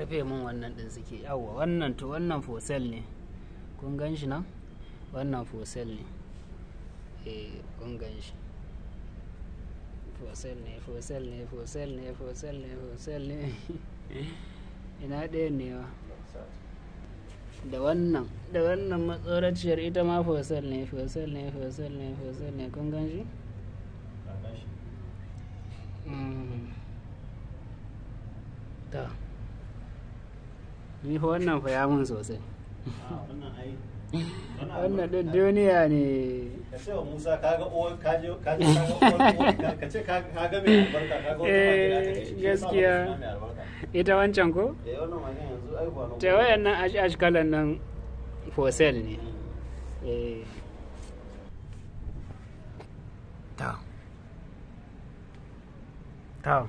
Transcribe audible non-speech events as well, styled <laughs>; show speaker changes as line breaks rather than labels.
rufe mun wannan din suke yawo wannan to wannan fosel ne kun gan shi nan wannan fosel ne eh kun gan shi fosel ne fosel ne fosel ne fosel ne fosel ne <laughs> ina ɗayan ne wa da wannan da wannan matsoraciyar ita ma fosel ne fosel ne fosel ne fosel ne kun gan shi mm-hmm. ta ni fa wannan fa ya mun sosai ah, wannan din duniya ne ka ce wa musa ka ga uwar ka je ka je ka ce ka ga mai albarka ka ga wata eh, gaskiya ita wancan ko eh wannan wannan yanzu ai ba ta wayannan ash ash kalan nan for sale ne mm. eh ta ta